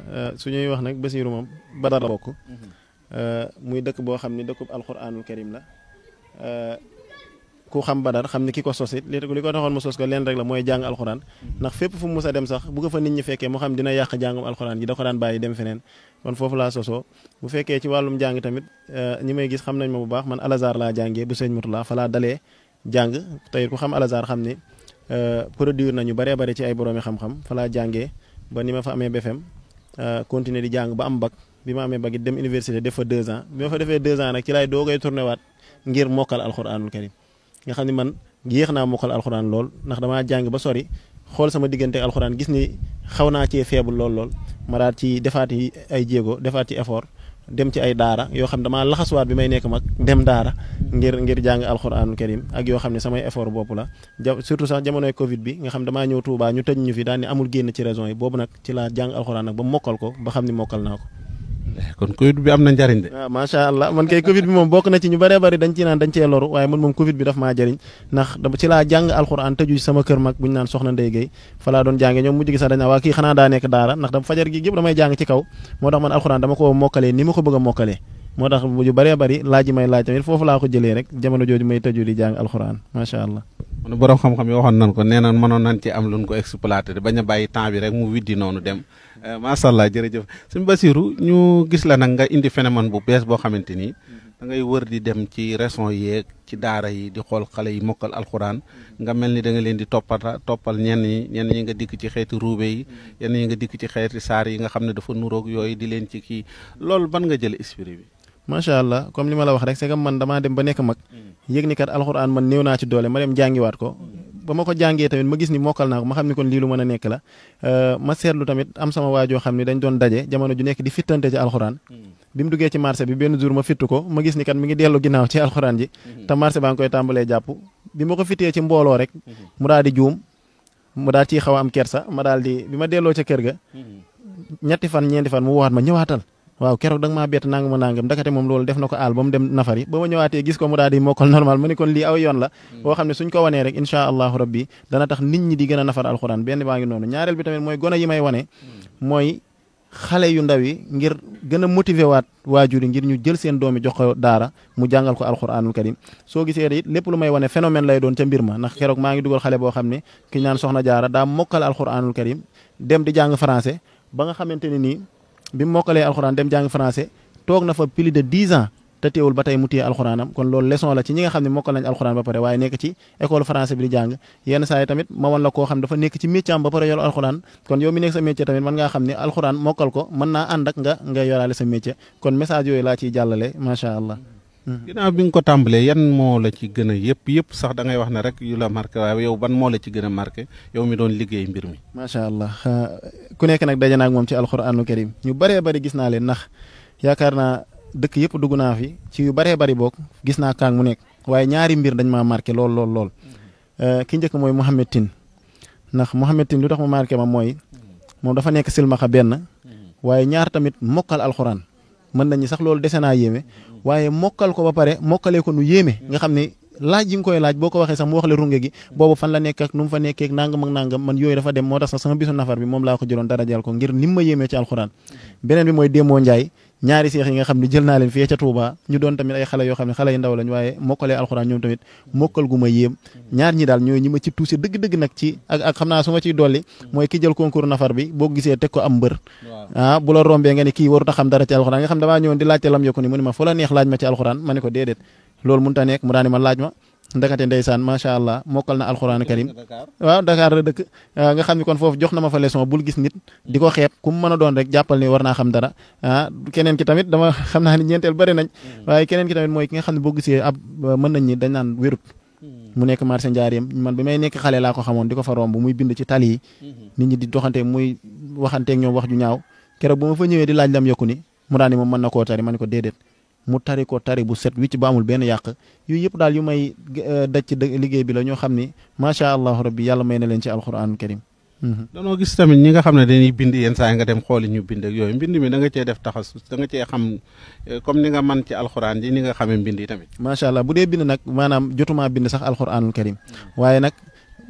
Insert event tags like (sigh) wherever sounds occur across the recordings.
Euh, su ñuy wax nag Basiiru moom Badar la bokk euh, muy dëkk boo xam ni dëkkub alxuraanul karim la euh, ku xam Badar xam ni ki ko sos it li ko taxoon mu sos ko leen rek la mooy jàng alxuraan ndax fépp fu mu mës dem sax bu ko fa nit ñi fekkee mu xam dina yàq jàngum alxuraan ji da ko daan bàyyi dem feneen kon foofu laa sosoo bu fekkee ci wàllum jàng tamit ñi may gis xam nañ ma bu baax man Al-Azhar laa jàngee bu sëñ Murtala fa laa dalee jàng tey ku xam Al-Azhar xam ni produire nañu baree bari ci ay boroomi xam fa laa jàngee ba ni ma fa amee BFM Euh, continuer di jàng ba am bac bi ma amee bac it dem université def fa deux ans bi ma fa defee deux ans nag ci laay doogay tourné waat ngir mokkal alxuraanul karim nga xam ne man yéex naa mokkal alxuraan lool ndax damaa jàng ba sori xool sama diggante ak alxuraan gis ni xaw naa cee feebul lool lool ma daal ci defaat yi ay jéego defaat ci effort dem ci ay daara yoo xam ne damaa laxaswaat bi may nekk mag dem daara ngir ngir jàng alxuraanul karim ak yoo xam ne samay effort bopp la ja surtout sax jamonoy covid bi nga xam damaa ñëw Touba ñu tëj ñu fi daal ni amul génn ci raison yi boobu nag ci laa jàng alxuraan nag ba mokkal ko ba xam ni mokkal naa ko kon Covid bi am na njariñ de. waaw ah, macha allah man kay Covid bi moom bokk na ci ñu bëree bëri dañ ciy naan dañ cee loru waaye man moom Covid bi daf maa jëriñ ndax dama ci laa jàng alxuraan tëju bu ñu naan soxna Ndeye Guèye fa laa doon jàngee ñoom mujj gi sax dañ naan waa kii xanaa daa nekk daara ndax dama fajar gi yëpp damay jàng a mokkalee yi may laaj jàng alxuraan macha allah borom xam-xam yi waxoon nan ko nee na mënoon nañ ci am luñ ko exploité bañ a bàyyi temps bi rek mu widdi noonu dem Euh, macha allah jërëjëf suñu Basiru ñu gis la nag nga indi phénomène bu bees boo xamante ni. da ngay wër di dem ci raison yeeg ci daara yi di xool xale yi mokkal alxuraan nga mel ni da nga leen di toppata toppal ñenn ñi ñenn ñi nga dikk ci xeeti ruube yi ñenn ñi nga dikk ci xeeti saar yi nga xam ne dafa nuroog yooyu di ci kii loolu ban nga jël esprit bi. macha allah comme li ma la wax rek c'est man damaa dem ba nekk mag. Hmm. yëg ni kat alxuraan man néew naa ci doole ma dem jàngiwaat ko. ba ma ko jàngee tamit ma gis ni mokkal naa ko ma xam ni ko lii lu mën a nekk la euh, ma seetlu tamit am sama waajoo xam ni dañ doon daje jamono ju nekk di fittante ci alxuraan hmm. bi mu duggee ci marché bi benn jour ma fittu ko ma gis ni kat mi ngi dellu ginnaaw ci alxuraan ji hmm. te marché baa ngi koy tàmbalee jàpp bi ma ko fittee ci mbooloo rek hmm. mu daal di juum mu daal ciy xaw a am kersa ma daal di bi ma delloo ca kër ga ñetti fan ñeenti fan mu waxaat ma ñëwaatal waaw keroog da nga maa bett nangam nangam ndakate moom loolu def na ko aal ba mu dem nafari ba ma ñëwaatee gis ko mu daal di normal mu kon lii aw yoon la hmm. boo xam ne suñ ko wanee rek inchaa allahu rabbi dana tax nit ñi di gën nafar hmm. yu ndaw ngir gën a motiver waat waajur yi ngir ñu jël seen doom yi jox ko daara mu jàngal ko alxuraanul karim soo gisee it lépp lu may wane phénomène lay doon ca mbir ma ndax keroog maa ngi dugal xale boo xam ne ki naan soxna jaara daa mokkal alxuraanul karim dem di jàng français ba nga xamante nii bi mu mokkalee alxuraan dem jàngi français toog na fa plus de dix ans te teewul ba tey mu téye alxuraanam kon loolu leçon la ci ñi nga xam ne mokkal nañ alxuraan ba pare waaye nekk ci école français bi di jàng yenn saa yi tamit ma wan la koo xam dafa nekk ci métier am ba pare yor alxuraan kon yow mi nekk sa métier tamit mën ngaa xam ne alxuraan mokkal ko mën naa ànd ak nga nga yoraale sa métier kon message yooyu laa ciy jàllale macha allah ginnaaw bi nga ko tàmbalee yan moo la ci gën a yëpp yëpp sax da ngay wax ne rek yu la marqué waaye yow ban moo la ci gën a marqué yow mi doon liggéey mbir mi. macha allah ku nekk nag daje naa ak moom ci alxuraanu karim ñu bëree bari gis naa leen ndax yaakaar naa dëkk yëpp dugg naa fi ci yu bëree bari book gis naa kaang mu nekk waaye ñaari mbir dañ ma marqué lool lool lool. Mm-hmm. Eh, ki njëkk mooy Mouhamed Tine ndax Mouhamed Tine lu tax mu marqué ma mooy moom dafa nekk silmaxa benn mm-hmm. waaye ñaar tamit mokkal alxuraan mën nañu sax loolu dese naa yéeme waaye mokkal ko ba pare mokkalee ko nu yéeme nga xam ne laaj yi nga koy laaj boo ko waxee sax mu wax le runge gi boobu fan la nekk ak fa nekkee ak nangam ak man yooyu dafa dem moo tax sax sama bisu nafar bi moom laa ko jëloon darajal ko ngir nim ma yéemee ci alxuraan beneen bi mooy Démo Njaay ñaari seex a xam ne jël naa leen fii ca Touba ñu doon tamit ay xale yoo xam ne xale yu ndaw waaye mokkalee alxuraan ñoom tamit mokkal gu ma ñaar ñi daal ñooy ñi ma ci tuuse dëgg-dëgg nag ci ak xam naa su ma dolli mooy ki jël concours nafar bi boo gisee teg ko am mbër ah rombee nga ne kii a xam dara ci alxuraan nga xam damaa ñëwoon di laajte lam yokku ni mu ma fu neex laaj ma ci alxuraan ma ne ko déedéet loolu mënta nekk mu daani ndakate ndeysaan macha allah mokkal na alxuraan karim waaw Dakar la dëkk ah, nga xam ne kon foofu jox na ma fa leçon bul gis nit di ko xeeb ku mu mën a doon rek jàppal ni war naa xam dara ah keneen ki tamit dama (laughs) xam naa ni ñeenteel bari nañ hmm. waaye keneen ki tamit mooy ki nga xam ne boo gisee ab mën nañ ñi dañ naan wérut hmm. mu nekk marché njaareem man bi may nekk xale laa ko xamoon di ko fa romb muy bind ci tali yi hmm. ñi di doxante muy waxanteeg ñoom wax ju ñaaw ker bu ma fa laaj lam yokku ni mu daal ni na koo tari ma ne ko déedéet mu tari ko tari bu set wicc ba amul benn yàq yooyu yëpp daal yu may eh, daj ci liggéey bi la ñoo xam ni macha allah rabbi yàlla may na leen ci alquran karim. Mhm. danoo gis tamit ñi nga xam ne dañuy bind yenn saa nga dem xooli ñu bind yooyu mbind mi danga nga def taxasus da nga cee xam eh, comme ni nga man ci alxuraan ji ni nga xamee mbind yi tamit. macha allah bu dee bind nag maanaam jotumaa bind sax alxuraanul karim mhm. waaye nag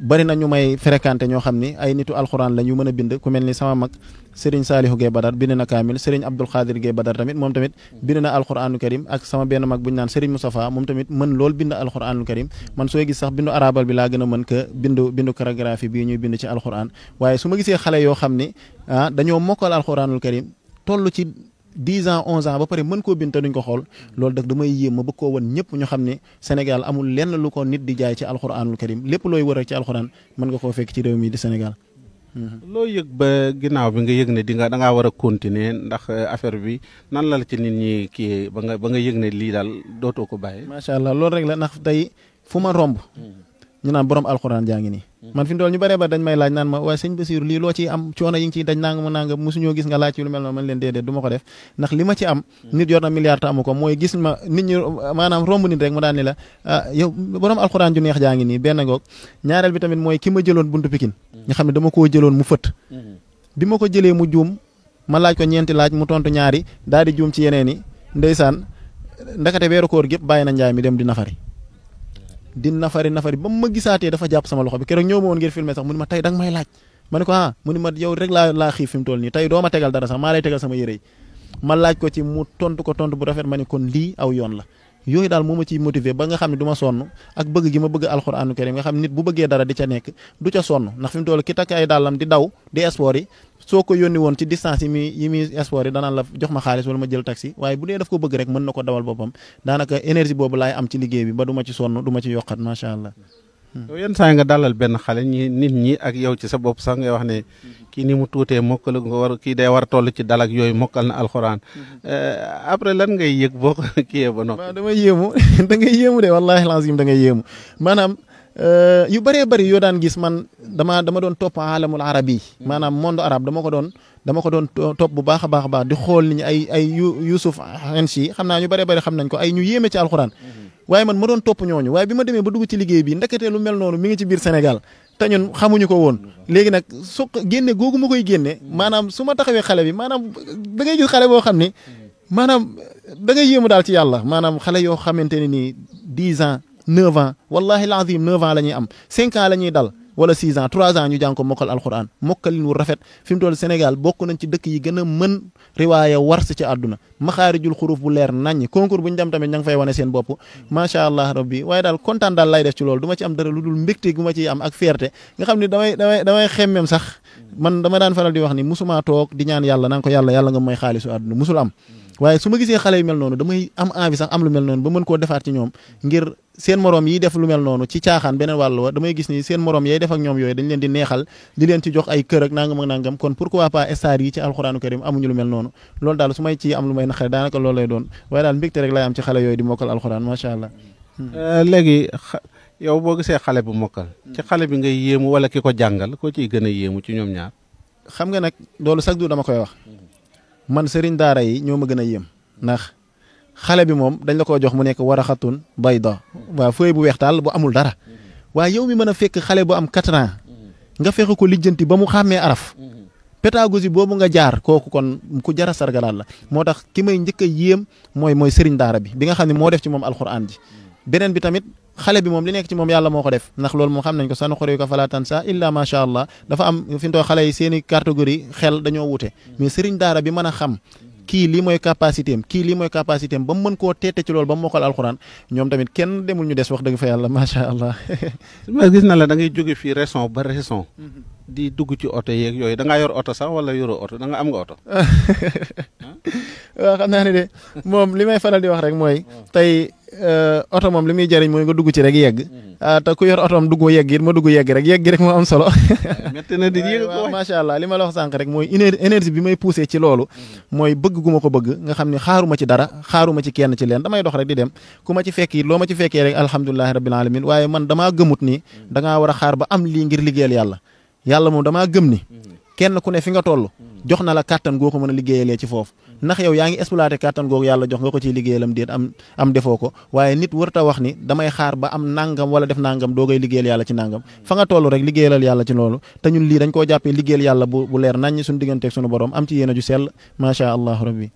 bari na ñu may fréquenté ñoo xam ni ay nitu alxuraan la ñu mën a bind ku mel ni sama mag Serigne Salihu Gueye Badar bind na kaamil Serigne Abdoul Khadir Gueye Badar tamit moom tamit bind na alxuraanu karim ak sama benn mag bu naan Serigne Moustapha moom tamit mën lool bind alxuraanu karim man sooy gis sax bindu arabal bi laa gën a mën que bindu bindu calligraphie ñuy bind ci alxuraan waaye su ma gisee xale yoo xam ni ah dañoo mokkal alxuraanul karim toll ci dix ans onze ans ba pare mën koo bind te duñ ko xool loolu daf damay yéem ma bëgg koo wan ñëpp ñu xam ne Sénégal amul lenn lu ko nit di jaay ci alxuraanul karim lépp looy wër ci alxuraan mën nga koo fekk ci réew mi di Sénégal. Mhm. loo yëg ba ginnaaw bi nga yëg ne di nga da ngaa war a continuer ndax euh, affaire bi nan la la ci nit ñi kii ba nga ba nga yëg ne lii daal dootoo ko bàyyi. macha allah lool rek la ndax tey fu ma romb. Mhm. ñu naan borom alxuraan jaa ngi nii mm-hmm. man fi mu toll ñu bëree ba dañ may laaj naan ma waaye sëñ Basiru lii loo ciy am coono yi ngi ciy dañ nangam nangam mosuñoo gis nga laaj ci lu mel noonu man leen déedéet du ma ko def ndax li ma ci am mm-hmm. nit yor na milliard te ko mooy gis ma nit ñi maanaam romb nit rek mu daan ni la ah, yow borom alxuraan ju neex jaa ngi nii benn ngoog ñaareel bi tamit mooy ki ma jëloon buntu pikin mm-hmm. nga xam ne dama koo jëloon mu fët bi ma ko jëlee mu juum ma laaj ko ñeenti laaj mu tontu ñaari daal di juum ci yeneen yi ndeysaan ndakate weeru koor gépp bàyyi na njaay mi dem di nafari di nafari nafari ba ma gisaatee dafa jàpp sama loxo bi keroog ñëw ma woon ngir filmer sax mu ne ma tey danga may laaj ma ne ko ah mu ne ma yow rek laa laa xiif fi mu toll nii tey doo ma tegal dara sax maa lay tegal sama yére yi ma laaj ko ci mu tont ko tont bu rafet ma ne kon lii aw yoon la yooyu daal moo ma ciy motiver ba nga xam ne du ma sonn ak bëgg gi ma bëgg alxuraanu karim nga xam nit bu bëggee dara di ca nekk du ca sonn ndax fi mu toll ki takk ay dàllam di daw di sport yi soo ko yónni woon ci distance yi muy yi yi danaan la jox ma xaalis wala ma jël taxi waaye bu dee daf ko bëgg rek mën na ko dawal boppam daanaka énergie boobu laay am ci liggéey bi ba du ma ci sonn du ma ci yokkat macha allah Hmm. yow yenn saa nga dalal benn xale ñi nit ñi ak yow ci sa bopp sax nga wax ne hmm. kii ni mu tuutee mokkal nga war kii day war toll ci dalak yooyu mokkal na alxuraan hmm. eh, après lan ngay yëg boo kiyee (laughs) ba noppi. waaw damay yéemu (laughs) da ngay yéemu de wallaahi lazim da ngay yéemu maanaam eh, yu bëree bëri yoo daan gis man dama dama doon topp alamul arabi maanaam monde arab dama ko doon dama ko doon topp bu baax a baax a baax di xool nit ñi ay ay Youssouf Henshi xam naa ñu bare bari xam nañ ko ay ñu yéeme ci alxuraan. waaye man ma doon topp ñooñu waaye bi ma demee ba dugg ci liggéey bi ndekete lu mel noonu mi ngi ci biir Sénégal te ñun xamuñu ko woon léegi nag su génne googu ma koy génne maanaam su ma taxawee xale bi maanaam da ngay gis xale boo xam ni maanaam da ngay yéemu daal ci yàlla maanaam xale yoo xamante ne nii dix ans neuf ans wallahi lazim neuf ans la ñuy am cinq ans la ñuy dal wala 6 ans 3 ans ñu jàng ko mokkal alxuraan mokkalin wu rafet fi mu toll Sénégal bokk nañ ci dëkk yi gën a mën riwaaya wars ci xaari maxaarijul xuruf bu leer naññ concours bu ñu dem tamit ña ngi fay wane seen bopp macha allah rabbi waaye daal kontaan daal lay def ci loolu du ma ci am dara lu dul mbégte gu ma ciy am ak fierté nga xam ne damay damay damay xemmeem sax man dama daan faral di wax ni musuma toog di ñaan yàlla naan ko yàlla yàlla nga may xaalisu àdduna musul am waaye su ma gisee xale yu mel noonu damay am envie sax am lu mel noonu ba mën koo defaat ci ñoom ngir seen morom yi def lu mel noonu ci caaxaan beneen wàll wa damay gis ni seen morom yay def ak ñoom yooyu dañ leen di neexal di leen ci jox ay kër ak nangam ak nangam kon pourquoi pas star yi ci mel noonu loolu daal su may am lu may naqare daanaka loolu lay doon waaye daal mbégte rek lay am ci xale yooyu di euh, yow boo gisee xale bu mokkal ci xale bi ngay yéemu wala ki ko jàngal koo ciy gën a yéemu ci ñoom ñaar xam nga nag loolu sax du dama koy wax man sëriñ daara yi ñoo ma gën a yéem ndax xale bi moom dañ la ko jox mu nekk war a xatun bay do waaw bu weex taal bu amul dara waaye yow mi mën a fekk xale bu am quatre ans nga fexe ko lijjanti ba mu xàmmee araf pédagogie boobu nga jaar kooku kon ku jara sargalaat la moo tax ki may njëkk a yéem mooy mooy sëriñ daara bi bi nga xam ne moo def ci moom alxuraan ji beneen bi tamit xale bi moom li nekk ci moom yàlla moo ko def ndax loolu moom xam nañ ko sanuqri'uka falaa tansaa illaa maa shaa allah dafa am fi xale yi seen i catégorie xel dañoo wute mais sëriñ daara bi mën a xam kii lii mooy capacité kii lii mooy capacité ba mu mën koo teete ci loolu ba mu mokkal alxuraan ñoom tamit kenn demul ñu des wax dëgg fa yàlla maa shaa allah. (laughs) gis na la da ngay jóge fii raison ba raison mm-hmm. di dugg ci oto yeeg yooyu da ngaa yor oto sax wala yoro oto danga am nga oto. (laughs) waaw xam naa ne de moom li may faral di wax rek mooy. Hmm. tey eh, oto moom li muy jariñ mooy nga dugg ci rek yegg. Hmm. Ah, te ku yor otoom dugg yegg it ma dugg yegg rek yegg rek moo am solo. (laughs) métti na di yegg ko macha allah li ma la wax sànq rek mooy énergie bi may poussé ci loolu. Hmm. mooy bëgg gu ma ko bëgg nga xam ni xaaruma ci dara xaaruma ci kenn ci leen damay dox rek di dem ku ma ci fekk it loo ma ci fekkee rek alhamdulilahi rabbil alamin waaye man damaa gëmut ni da war xaar ba am lii ngir yàlla yàlla moom damaa gëm ni mhm. kenn ku ne fi nga toll mhm. jox na la kàttan goo ko mën a liggéeyalee ci foofu mhm. ndax yow yaa ngi exploité kàttan googu yàlla jox nga ko ciy liggéeyalam déet am am defoo ko waaye nit warut a wax ni damay xaar ba am nangam wala def doo doogay liggéeyal yàlla ci nangam fa nga toll rek liggéeyalal yàlla ci loolu te ñun lii dañ ko jàppee liggéeyal yàlla bu bu leer naññ suñu digganteeg suñu borom am ci yéen a ju sell macha allah rabbi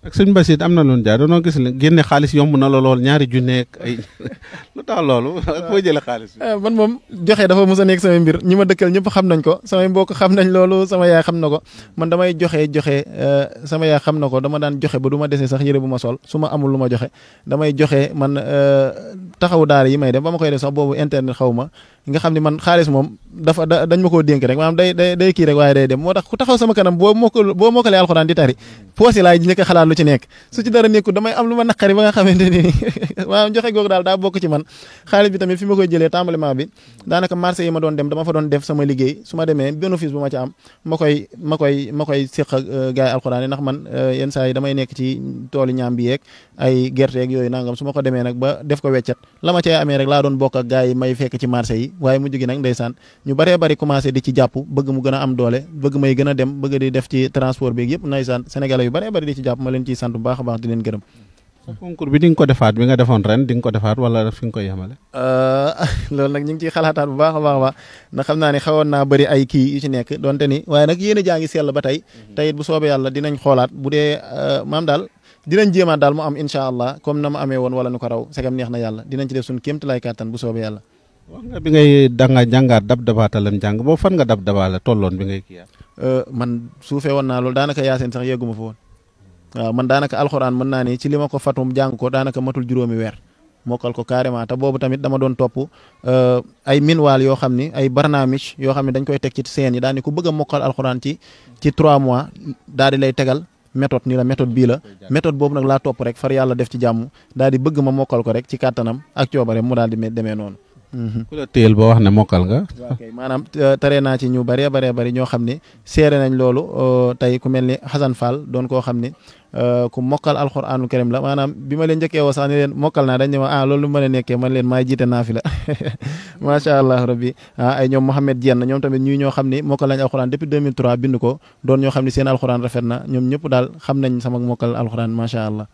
ak sëñ Bassirou am na loon jaay doonoo gis ne génne xaalis yomb na la lool ñaari junneeg ay (laughs) lu tax loolu ak (laughs) jëlee xaalis euh, man moom joxe dafa mos a nekk samay mbir ñi ma dëkkal ñëpp xam nañ ko samay mbokk xam nañ loolu sama yaay xam na ko man damay joxe joxe euh, sama yaay xam na ko dama daan joxe ba du ma desee sax yëre bu ma sol su ma amul lu ma joxe damay joxe man euh, taxaw daara yi may dem ba ma koy def sax boobu internet xawma nga xam ne man xaalis moom dafa dañ ma ko dénk rek maanaam day day day kii rek waaye day dem moo tax ku taxaw sama kanam boo mokk boo mokkalee alxuraan di tari poosé laay njëkk a xalaat lu ci nekk su ci dara nekku damay am ma nga xamante ni (laughs) maanaam joxe googu daal daa bokk ci man xaalis bi tamit fi ma koy jëlee tàmbalement bi daanaka marché yi ma doon dem dama fa doon def sama liggéey su ma demee bénéfice bu ma ci am ma koy ma koy ma koy séq ak euh, gars yi alxuraan yi ndax man euh, yenn saa yi damay nekk ci toolu ñaam bi yeeg ay gerte yeeg yooyu nangam su ma ko demee nag ba def ko weccet la ma cay amee rek laa doon bokk ak yi may fekk ci marché yi waaye mu gi nag ndeysaan ñu baree bari commencé di ci jàpp bëgg mu gën a am doole bëgg may gën a dem bëgg di def ci transport bi yëpp ndeysaan sénégalais yu bare bari di ci jàpp ma leen ciy sant bu baax a baax di leen gërëm sa concours ko defaat bi nga defoon ren di nga ko defaat wala fi nga euh, (laughs) nag ñu ngi ciy xalaataat bu baax a baax a baax ndax xam naa ne xawoon naa bëri ay kii yu ci nekk donte ni waaye nag yéen a jaa ngi sell ba tey mhm. teyit bu soobee yàlla dinañ xoolaat bu dee euh, maam daal dinañ jéemaat daal mu am incha allah na mu amee woon wala nu ko raw segam neex na soobee yàlla wax nga bi ngay da nga jàngaat dab dabaata lan jàng boobu fan nga dab dabaa la tolloon bi ngay kiiyaat. Euh, man suufee woon na loolu daanaka yaasin sax yeeguma ma fa waaw man daanaka alxuraan mën naa ne ci li ma ko fatum jàng ko daanaka matul juróomi weer mokal ko carrément te boobu tamit dama doon topp euh, ay minwaal yoo xam ni ay barnaamij yoo xam ne dañ koy teg ci seen yi daan ni ku bëgg a mokkal alxuraan ci ci trois mois daal di lay tegal méthode ni la méthode bii la boobu nag laa topp rek far yàlla def ci jàmm daal di bëgg ma mokkal ko rek ci kàttanam ak coobare mu daal di demee noonu Mm-hmm. ku la téyel boo wax ne mokkal nga. waaw (laughs) maanaam tere euh, naa ci ñu bëree bëree bari ñoo xam ne seere nañ loolu euh, tey ku mel ni Xasan Fall doon koo xam ne euh, ku mokkal alxuraanul karim la maanaam bi ma leen njëkkee leen mokkal naa dañ ne ma ah a nekkee man leen maa jiite naa fi la (laughs) macha allah rabbi ah ay ñoom Mouhamed Diène ñoom tamit ñuy ñoo xam ne mokkal nañ alxuraan depuis 2003 bind ko doon ñoo xam ne seen alxuraan rafet na ñoom ñëpp daal xam nañ sama mokkal alxuraan macha allah.